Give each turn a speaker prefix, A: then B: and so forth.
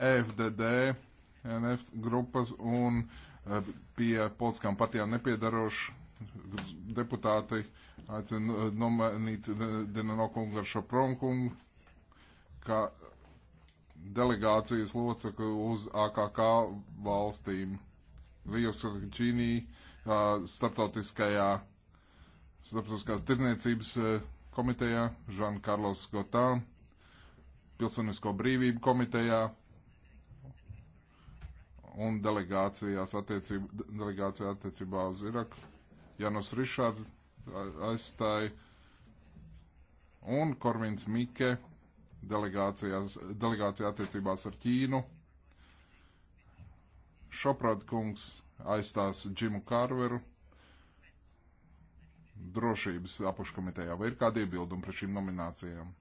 A: FDD, NF grupas un eh, pie politiskām partijām nepiedarošu deputāti aicina eh, nomainīt Denano kungu ar šo pronkungu, kā delegācijas locekli uz AKK valstīm. Lijos Čīnī eh, starptautiskajā, starptautiskās tirniecības komitejā, Žan Karlos Gotā, Pilsonisko brīvību komitejā, un delegācijās attiecībā, delegācijā attiecībā uz Iraku. Janus Rišards aizstāja un Korvins Mike delegācijā attiecībās ar Ķīnu. Šoprāt kungs aizstās Džimu Kārveru drošības apakškomitejā. Vai ir kādi iebildumi pret šīm nominācijām?